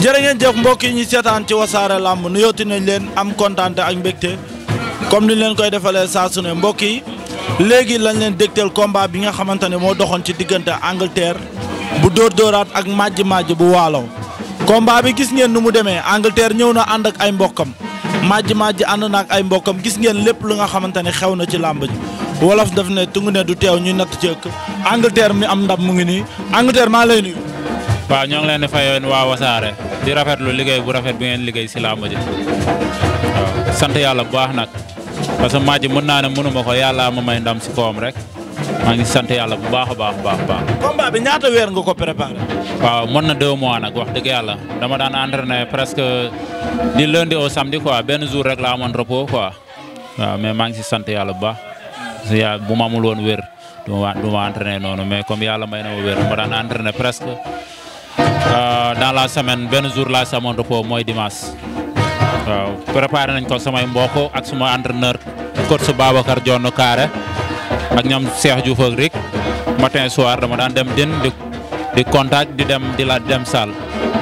jërë ngeen jëf mbokk yi ñu seetaan ci wasaare làmb nu yotti nañ leen am kontaan ak mbégte comme ni leen koy defalee saa su ne mbokk yi léegi lañ leen dégtal combat bi nga xamante ne moo doxoon ci diggante Angleterre bu dóor dóoraat ak màjj màjj bu waalo combat bi gis ngeen nu mu demee Angleterre ñëw na ànd ak ay mbokkam màjj màjj ànd na ak ay mbokkam gis ngeen lépp lu nga xamante ne xew na ci làmb ji wolof daf ne tungu ne du teew ñuy natt ci ëkk Angleterre mi am ndam mu ngi nii Angleterre lay nuyu waaw ñoo ngi leen di fayoon waa wasaare di rafetlu liggéey bu rafet bi ngeen liggéey si làmb ji waaw sant yàlla bu baax nag parce que maaj mën naa ne mënuma ko yàlla ma may ndam si koom rek maa ngi sant yàlla bu baax a baax baax baax. combat bi ñaata weer nga ko préparé. waaw mën na deux mois nag wax dëgg yàlla dama daan entraîné presque di lundi au samedi quoi benn jour rek laa amoon repos quoi waaw mais maa ngi si sant yàlla bu baax bu ma amul woon wér du ma du noonu mais comme yàlla may na ma Euh, dans la semaine benn jour laa si amoon repos mooy dimanche waaw préparé nañ ko samay mbokk ak suma entraîneur coach Babacar Dione Kaare ak ñoom Cheikh Diouf ak Rick matin soir dama daan dem din di di contact di dem di la dem salle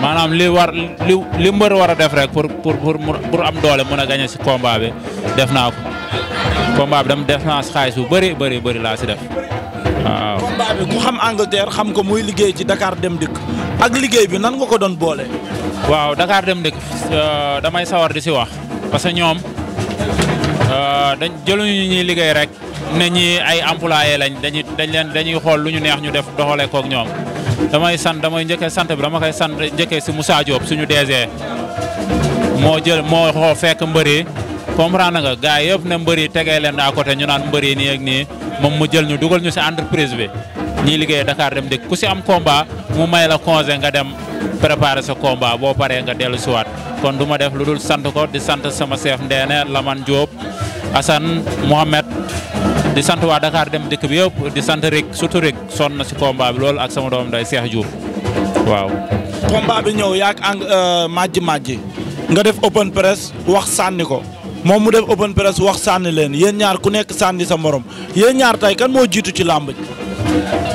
maanaam li war li li mbër war a def rek pour pour pour am doole mën a gagné si combat bi def naa ko combat bi dama def naa si xaalis bu bëri bëri bëri laa si def. waaw combat bi ku xam Angleterre xam ko muy liggéey ci dakaar dem dikk ak liggéey bi nan nga ko doon boole. waaw Dakar dem dikk euh, damay sawar di si wax parce que ñoom euh, dañ jëluñu ñuy liggéey rek ne ñi ay employé lañ dañuy dañ leen dañuy xool lu ñu neex ñu def doxalee kook ñoom. damay sant damay njëkkee sant bi dama koy sant njëkkee si Moussa Diop suñu DG moo jël moo xoo fekk mbëri comprendre nga gars yëpp ne mbër yi tegee leen à côté ñu naan mbër yi nii ak nii moom mu jël ñu dugal ñu si entreprise bi ñiy liggéey Dakar dem dikk ku si am combat mu may la congé nga dem préparer sa combat boo paree nga dellu siwaat kon du ma def lu dul sant ko di sant sama chef Ndeene Laman Diop Assane Mohamed di sant waa dakaar dem dikk bi yëpp di sant Rick surtout Rick sonn na si combat bi loolu ak sama doom day Cheikh Diouf waaw. combat bi ñëw yaak euh, majji majji nga def open press wax sànni ko. moom mu def open press wax sànni leen yéen ñaar ku nekk sànni sa morom yéen ñaar tey kan moo jiitu ci làmb ji.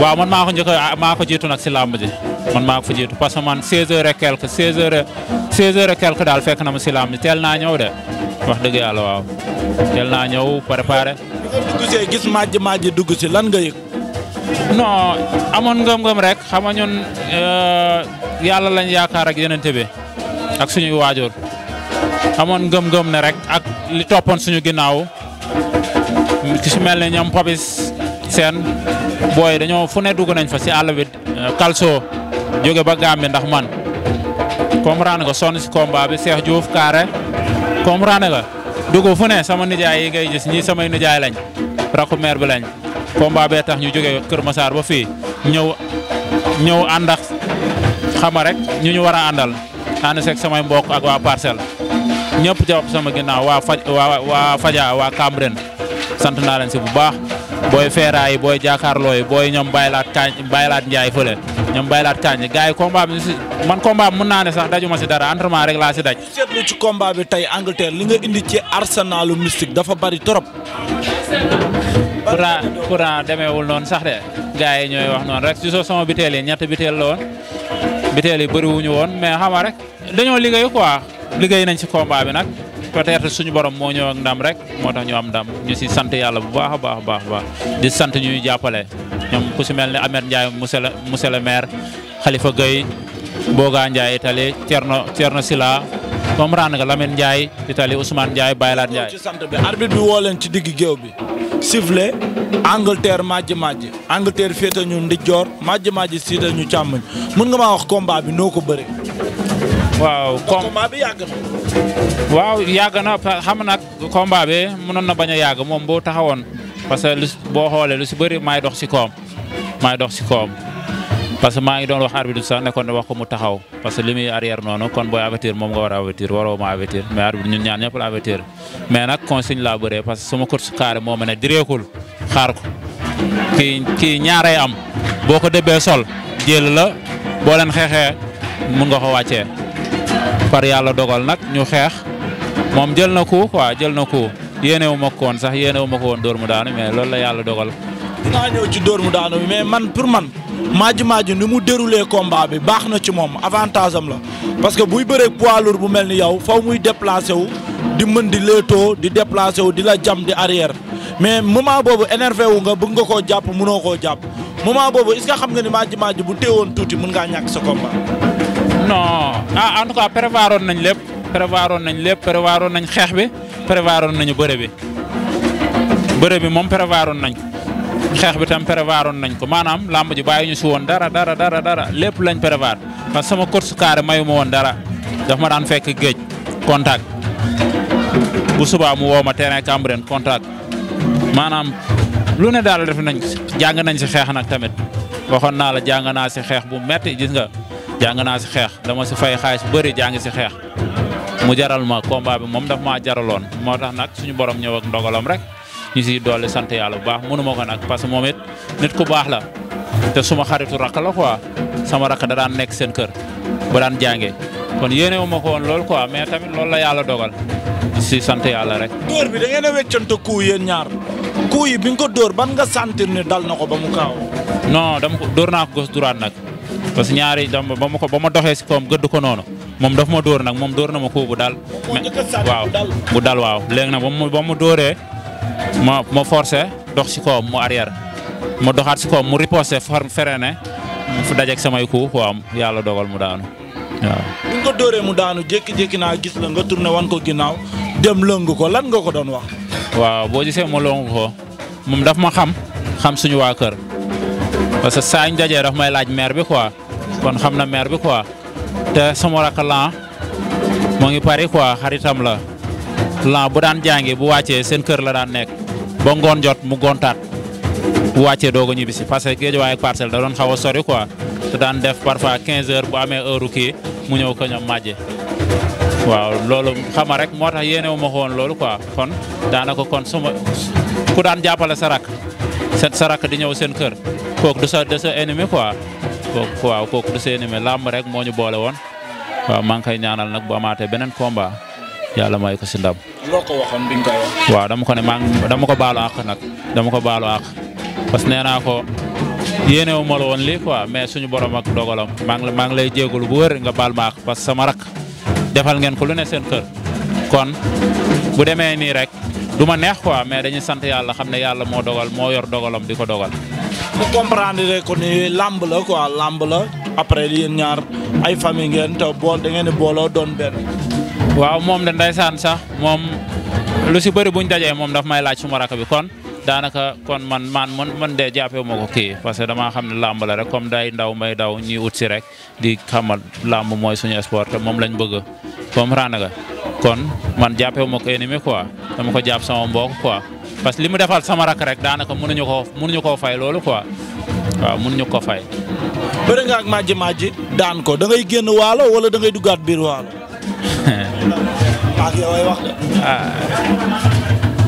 waaw man maa ko njëkk maa ko jiitu nag si làmb ji man maa ko fa jiitu parce que man 16 heures et quelque 16 heures et 16 heures daal fekk na ma si làmb ji teel na ñëw de wax dëgg yàlla waaw teel naa ñëw préparé. dugg see gis màjj màjj dugg si lan nga yëg. non amoon ngëm-ngëm rek xam nga ñun euh, yàlla lañ yaakaar ak yeneen bi ak suñuy waajur. amoon ngëm-ngëm ne rek ak li toppoon suñu ginnaaw ki si mel ni ñoom Papis seen booy dañoo fu ne dugg nañ fa si àll bi Calcio euh, jóge ba Gambie ndax man comprendre nga sonn si combat bi Cheikh Diouf carré comprendre nga dugg fu ne sama nijaay yi ngay gis ñii samay nijaay lañ rakku maire bi lañ combat bee tax ñu jóge Kër masaar ba fii ñëw ñëw ànd ak xama rek ñu ñu war a àndal ànd seeg samay mbokk ak waa parcelle ñëpp ca sama ginnaaw waa faj waa waa sant naa leen si bu baax booy feeraa yi booy jàkkaarloo booy ñoom baylaat kaañ baylaat njaay fële ñoom baylaat kaañ gars yi combat bi si man combat bi mën naa ne sax dajuma si dara entraînement rek laa si daj. seetlu ci combat bi tey Angleterre li nga indi ci arsenalu mystique dafa bari trop. pourtant demewul noon sax de gars yi ñooy wax noonu rek si soo sama biteel ñett biteel la woon biteel yi bëriwuñu woon mais xama rek dañoo liggéey liggéey nañ si combat bi nag peut-être suñu borom moo ñëw ak ndam rek moo tax ñu am ndam ñu si sant yàlla bu baax a baax a baax di sant ñuy jàppale ñoom ku si mel ne Ameth Ndiaye monsieur le monsieur le maire Khalifa Gueye Boga Ndiaye Itali Thierno Thierno Sila comprendre nga Lamine Ndiaye Itali Ousmane Ndiaye Baylaat Ndiaye. ci sant bi arbitre bi woo leen ci digg géew bi. sifflé Angleterre majj majj Angleterre féete ñu ndijoor majj majj siita ñu càmmoñ mun nga maa wax combat bi noo ko bëree. waaw combat bi yàgg na. waaw yàgg na xam nag combat bi mënoon na bañ a moom boo taxawoon parce que lu boo xoolee lu si bëri maay dox si koom maay dox si koom parce que maa ngi doon wax arbitre bi sax nekkoon ne wax ko mu taxaw parce que li muy arrière noonu kon booy avertir moom nga war a avertir waroo ma avertir mais arbitre ñaan ñëpp la mais nag consigne laa parce que sama course carré moo ma ne direekul xaar ko kii kii ñaaray am boo ko dëbbee sol jël la boo leen xeexee mun nga xo wàccee. par yàlla dogal nag ñu xeex moom jël na ko waa jël na ko yéene wu ma ko sax yéene wu ma ko woon dóor mu daanu mais loolu la yàlla dogal. dinaa ñëw ci dóor mu daanu mais man pour man Madji Madji ni mu déroulé combat bi baax na ci moom avantage am la parce que buy bëree poids lourd bu mel ni yow faw muy déplacé wu di mën di léetoo di déplacé wu di la jam di arrière mais moment boobu énervé wu nga bëgg nga koo jàpp mënoo koo jàpp moment boobu est-ce xam nga ni Madji Madji bu téewoon tuuti mën ngaa ñàkk sa non ah en tout cas prévoir nañ lépp prévoir woon nañ lépp prévoir nañ xeex bi prévoir nañu bëre bi bi moom prévoir woon nañ xeex bi tam prévoir woon nañ ko maanaam làmb ji bàyyi ñu si woon dara dara dara dara lépp lañ prévoir parce que sama course carré mayu woon dara daf ma daan fekk géej contact bu subaa mu woo ma terrain Cambérène contact maanaam lu ne daal def nañ jàng nañ si xeex nag tamit waxoon naa la jàng naa si xeex bu metti gis jàng naa si xeex dama si fay xaalis bu bëri jàng si xeex mu jaral ma combat bi moom daf maa jaraloon moo tax nag suñu borom ñëw ak ndogalam rek ñu siy dolli sant yàlla bu baax mënu ko nag parce moom it nit ku baax la te suma xaritu rakk la quoi sama rakk da daan nekk seen kër ba daan jàngee kon yéene ko woon loolu quoi mais tamit loolu la yàlla dogal si sant yàlla rek. dóor bi da ngeen a wéccante kuu yéen ñaar kuu yi bi nga ko dóor ban nga sentir ne dal na ko ba mu kaaw. non dama ko dóor naa parce que ñaari dam ba ma ko ba ma doxee si koom gëdd ko noonu moom daf ma dóor nag moom dóor na ma kuu bu dal waaw bu dal waaw léegi nag ba mu dóoree ma ma forcé dox si koom mu arrière ma doxaat si koom mu riposté for freiné fu dajeeg samay kuu waaw yàlla dogal mu daanu waaw bi nga ko dóoree mu daanu jékki-jékki naa gis la nga tourné wan ko ginnaaw dem lëngu ko lan nga ko doon wax waaw boo gisee ma lëngu ko moom daf ma xam xam suñu waa kër parce que saa ñu dajee may laaj maire bi quoi kon xam na maire bi quoi te sama rakk lan moo ngi Paris quoi xaritam la lan bu daan jàngi bu wàccee seen kër la daan nekk ba ngoon jot mu gontaat bu wàccee doog a ñibbisi parce que Guédiawaye ak Parcelles da doon xaw a sori quoi te daan def parfois 15 heures bu amee heure mu ñëw ko ñoom màjje waaw loolu xama rek moo tax yéene wu xoon loolu quoi kon daanaka kon suma ku daan jàppale sa rakk seen sa di ñëw seen kër kooku du sa du sa ennemi quoi kooku waaw kooku du sa ennemi làmb rek moo ñu boole woon waaw maa ngi koy ñaanal nag bu amaatee beneen combat yàlla may ko si ndam. loo ko waxoon bi waaw dama ko ne maa dama ko baalu àq nag dama ko baalu àq parce que nee naa ko yéene wu ma la woon lii quoi mais suñu borom ak dogalam maa la maa ngi lay jégalu bu wër nga baal ma àq parce que sama rak defal ngeen ko lu ne seen kër kon bu demee nii rek du ma neex quoi mais dañu sant yàlla xam ne yàlla moo dogal moo yor dogalam di ko dogal. mu comprendre ko ni làmb la quoi làmb la après yéen ñaar ay famille ngeen te bool da ngeen di booloo doon benn. waaw moom de ndeysaan sax moom lu si bëri buñ dajee moom daf may laaj suma rakk bi kon daanaka kon man man man man de jàppee ma ko kii parce que damaa xam ne làmb la rek comme day ndaw may daw ñuy ut si rek di xamal làmb mooy suñu sport te moom lañ bëgg comprendre nga kon man jàppee ma ko ennemi dama ko jàpp sama mbook quoi. parce que li mu defal sama rak rek daanaka mënuñu koo mënuñu koo fay loolu quoi waaw mënuñu ko fay. bëri nga ak daan ko da génn waalo wala da duggaat biir waalo. ak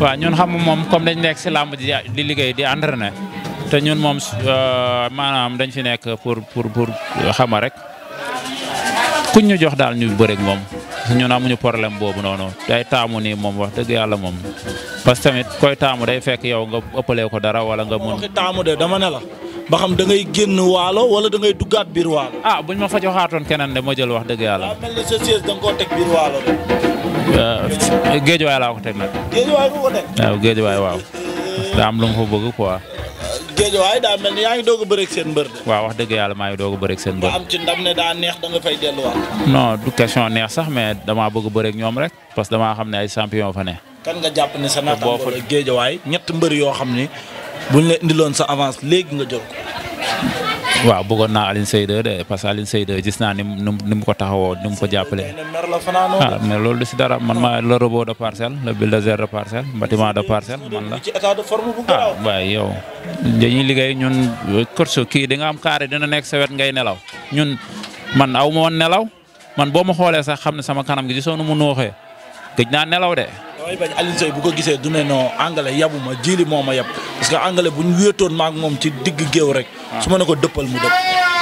ah. ñun xam moom comme dañ nekk si làmb di liggéey di entraîné te ñun moom euh, maanaam dañ fi nekk pour pour pour xama rek kuñ ñu jox daal ñu bëri moom. ñun amuñu problème boobu noonu day taamu nii moom wax dëgg yàlla moom parce que tamit koy taamu day fekk yow nga ëppalee ko dara wala nga mun. taamu de dama ne la ba xam dangay génn waalo wala da ngay duggaat biir waalo. ah buñ ma fa joxaatoon keneen de ma jël wax dëgg yàlla. Euh, géej waay laa ko teg nag. géej waay waaw géej waay waaw. daa am lu mu fa bëgg géejawaay daa mel ni yaa ngi doog a seen mbër de. waaw wax dëgg yàlla maa ngi doog a seen mbër. am ci ndam ne daa neex da nga fay delluwaat. non du question neex sax mais damaa bëgg a bëreeg ñoom rek parce que damaa xam ne ay champion fa ne. kan nga jàpp ne sa naataango la géejawaay ñett mbër yoo xam ne buñ la indiloon sa avance léegi nga jël waaw bëggoon naa Alioune Seye 2 de parce que Alioune Seye 2 gis naa ni mu ni mu ko taxawoo ni mu ko jàppalee. ah mais loolu du si dara man ma le robot de parcelle le bulldozer de parcelle bâtiment de parcelle man la. ah waaye yow. dañuy ñun korso kii di nga am carré dina nekk sa wet ngay nelaw ñun man aw ma woon nelaw man boo ma xoolee sax xam ne sama kanam gi gisoonu mu nooxee gëj naa nelaw de. damay bañ bu ko gisee du ne non anglais yabu ma jiili moo ma yab parce que anglais bu ñu wéetoon maak moom ci digg géew rek. Ah. su ma ne ko dëppal mu dëpp.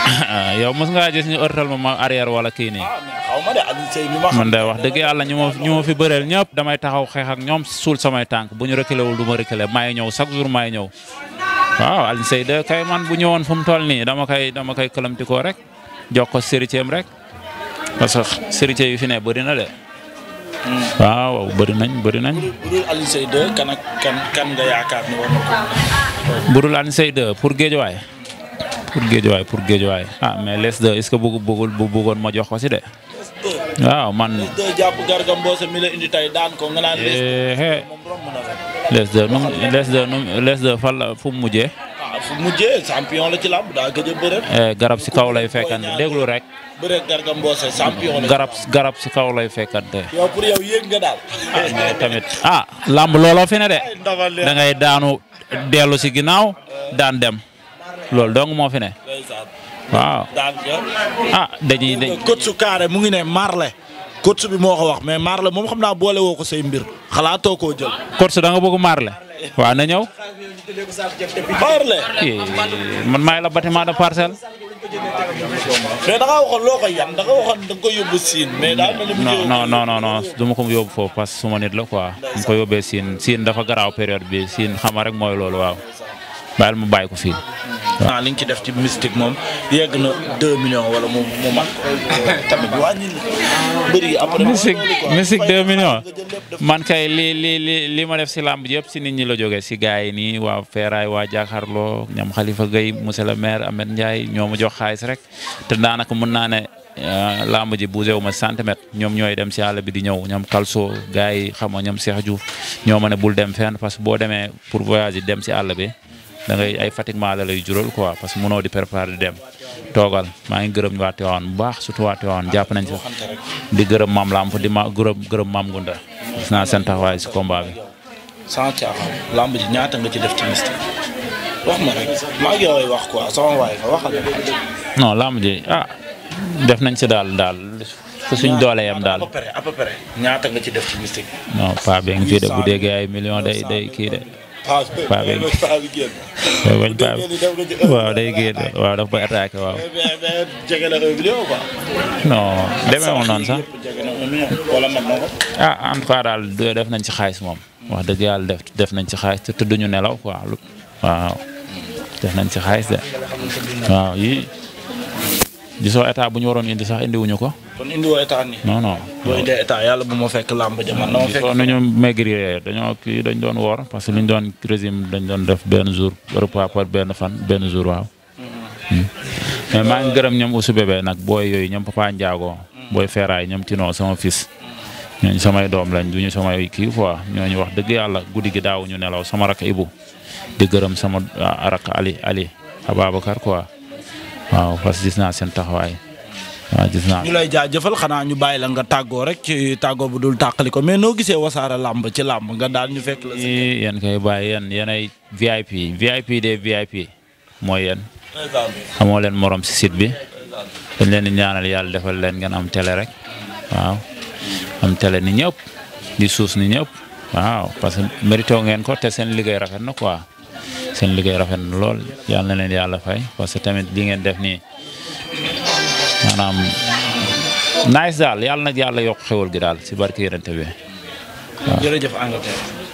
yow mos ngaa gis ñu ortal ma ma arrière wala kii nii. Ah, xaw ma de Alioune Seye man de wax dëgg yàlla ñu ma ñu ma fi bëreel ñëpp damay taxaw xeex ak ñoom suul samay tànk bu ñu reculé wul du ma reculé maay ñëw chaque jour maay ñëw. waaw Alioune Seye de kay man bu ñëwoon fu mu toll nii dama koy dama koy këlamtikoo rek jox ko sériteem rek parce que sérité fi ne bëri waaw waaw bëri nañ bëri nañ. budul Alioune Seye 2 kan nga yaakaar ni war na ko. budul Alioune Seye 2 pour Guédiawaye. pour Guédiawaye pour Guédiawaye ah mais les 2 que bëgg bëggul bu ma jox ko si de. waaw man les 2 jàpp Garga Mbossé mi la indi tey daan ko nga naan les 2 eh, eh. fu mujjee. fu la ci làmb a eh, garab si kaw lay fekkante déglu rek. bëre Garga Mbossé champion la garab si kaw lay fekkante. yow pour yow yéeg nga daal. ah tamit ah làmb looloo fi ne de. da daanu dellu si ginnaaw eh. daan dem loolu dong moo fi ne. waaw. ah dañuy dañ. coach mu ngi ne Marley. coach bi moo ko wax mais Marley moom xam naa boole woo ko say mbir. xalaatoo koo jël. coach da nga bëgg waaw na ñëw. man maay la bâtiment de parcelle. mais da nga waxoon loo yan da nga waxoon da yóbbu siin mais daal non non non non du ma ko yóbbu foofu parce que suma nit la quoi. mu ko yóbbee siin siin dafa garaaw période bi siin xama rek mooy loolu waaw. bàyyil mu bàyyi ko fii. ah li nga ci def ci mystique moom yegg na 2 millions wala mu mu mag man kay li li li ma def si làmb yëpp si nit ñi la jógee si gars yi nii waa Feeraay waa Jaakarloo ñam xalifa Gueye monsieur le maire Ahmed Ndiaye ñoo ma jox xaalis rek te daanaka mun naa ne. Euh, lamb ji bougé wu ma centimètre ñoom ñooy dem si àll bi di ñëw ñoom kalso gars yi xam nga ñoom Cheikh Diouf ñoo ma ne bul dem fenn parce que boo demee pour voyage dem si àll bi da ay fatiguement la lay jural quoi parce que mënoo di préparer di dem toogal maa ngi gërëm waa Tivaouane bu baax surtout waa Tivaouane jàpp nañ sax di gërëm maam lamp di ma gërëm gërëm maam Gunda gis naa seen taxawaay si combat bi. lamb ji ñaata nga ci def ci lamb ji ah def nañ si daal daal. fu suñ doole yam daal à peu près à ñaata nga ci def ci de bu déggee ay millions day kii de. paa bi génn mooy bañ paa waaw day génn waaw daf koy attaqué waaw. jege na un sax. wala mat na ko. ah def nañ ci xaalis moom. wax dëgg yàlla def def nañ ci xaalis te tëdd nelaw quoi waaw. def nañ ci xaalis de waaw yii gisoo état bu ñu waroon indi sax indiwuñu ko. kon indiwoo état non non boo indee état yàlla bu ma fekk làmb jamono. na ma fekk foofu nañu maigrir dañoo kii dañ doon woor parce que li doon régime dañ doon def benn jour repas par benn fan benn jour waaw. Mm-hmm. Hmm. mais maa ngi gërëm ñoom Oussou Bébé nag booy yooyu ñoom Papa Ndiago. Mm-hmm. booy Feeraay ñoom ci noo sama fis mm-hmm. ñooñu samay doom lañ du ñu samay kii quoi ñooñu wax dëgg yàlla guddi gi daawuñu nelaw sama rak Ibu di gërëm sama ah, rak Ali Ali kar quoi waaw parce que naa seen taxawaay. waaw gis naa ñu lay jëfal xanaa ñu bàyyi la nga tàggoo rek ci tàggoo bu dul tàqali ko mais noo gisee wasaare làmb ci làmb nga daal ñu fekk la. yéen koy bàyyi yéen yéenay VIP VIP des VIP mooy yéen. amoo leen moroom si site bi. dañ leen di ñaanal yàlla defal leen ngeen am télé rek. waaw am télé ni ñëpp. di suus ni ñëpp. waaw parce que mérito ngeen ko te seen liggéey rafet na quoi. seen liggéey rafet na lool yàlla na leen yàlla fay parce que tamit li ngeen def nii. maanaam nice daal yàlla nag yàlla yokk xewal gi daal si barke Yonent bi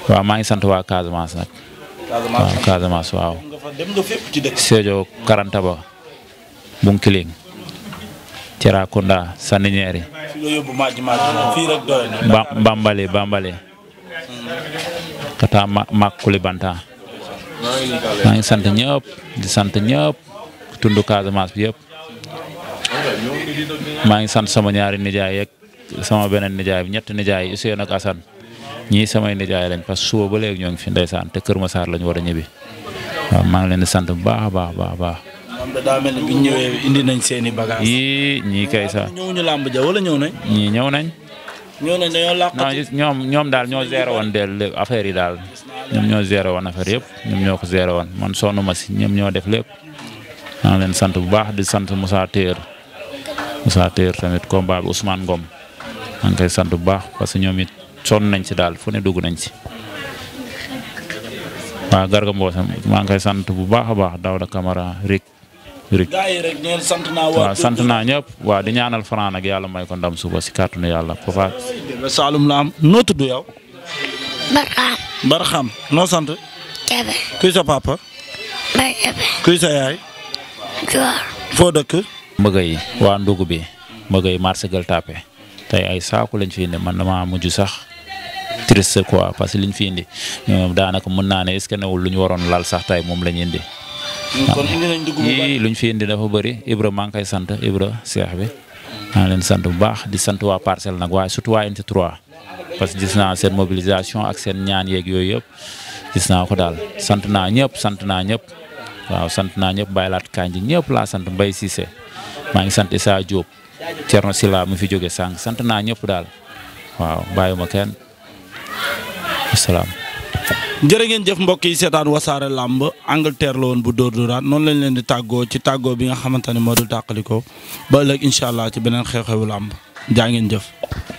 waaw maa ngi sant waa Casamance nag. Casamance waaw Casamance waaw. dem nga fépp Bunkiling Tirakunda Sandiñeeri. fi nga yóbbu Bambali Bambali. Kata Makuli Banta. maa ngi sant ñëpp di sant ñëpp tund Casamance bi yëpp. maa ngi sant sama ñaari nijaay yeg sama beneen nijaay bi ñetti nijaay yi Ousseynou ak Assane ñii samay nijaay lañ parce que suba ba léegi ñoo ngi fi ndeysaan te Kër Massar lañ war a ñibbi waaw maa ngi leen sant bu baax a baax baax baax. daa mel ne bi ñu i ñëw nañ. ñii ñoom ñoom daal ñoo géré affaire yi daal ñoo géré woon affaire yëpp ñoom ñoo ko géré woon man sonn ma si ñoom ñoo def lépp maa ngi leen sant bu baax di sant Moussa Téer Moussa Téer tamit combat bi Ousmane Ngom maa ngi koy sant bu baax parce que ñoom it sonn nañ ci daal fu ne dugg nañ ci. waaw Garga Mbossé maa ngi koy sant bu baax a baax Daouda Camara Rick Rick waaw sant naa ñëpp waa di ñaanal Franc ak yàlla may ko ndam suba si kàttanu yàlla papa. Saalum la am tudd yow. Barxam. Barxam sant. kuy sa papa. kuy sa yaay. foo dëkk. mbëgg yi waa ndugg bi mbëgg yi marché Gueule Tapée tey ay saaku lañ fi indi man dama mujj sax triste koi parce que liñ fi indi daanaka mën naa ne est ce newul lu ñu waroon lal sax moom lañ indi. Mm, kon indi luñ fi indi dafa bëri Ibra maa ngi koy sant Ibra Cheikh bi. maa ngi leen sant bu baax di sant waa parcelle nag waaye surtout waa unité 3 parce que gis naa seen mobilisation ak seen ñaan yeeg yooyu yëpp gis naa ko daal sant naa ñëpp sant naa ñëpp. waaw sant naa ñëpp bàyyi laat kanji ñëpp laa sant Mbaye Cissé maa ngi sant Issa Diop Thierno Silla mu fi jóge sànq sant naa ñëpp daal waaw bàyyuma kenn asalaam jërë ngeen jëf mbokk yi seetaan wasaare làmb Angleterre la woon bu dóor dóoraan noonu lañ leen di tàggoo ci tàggoo bi nga xamante ne moo du tàqaliko ba ëllëg incha allah ci beneen xew-xewu làmb jaa ngeen jëf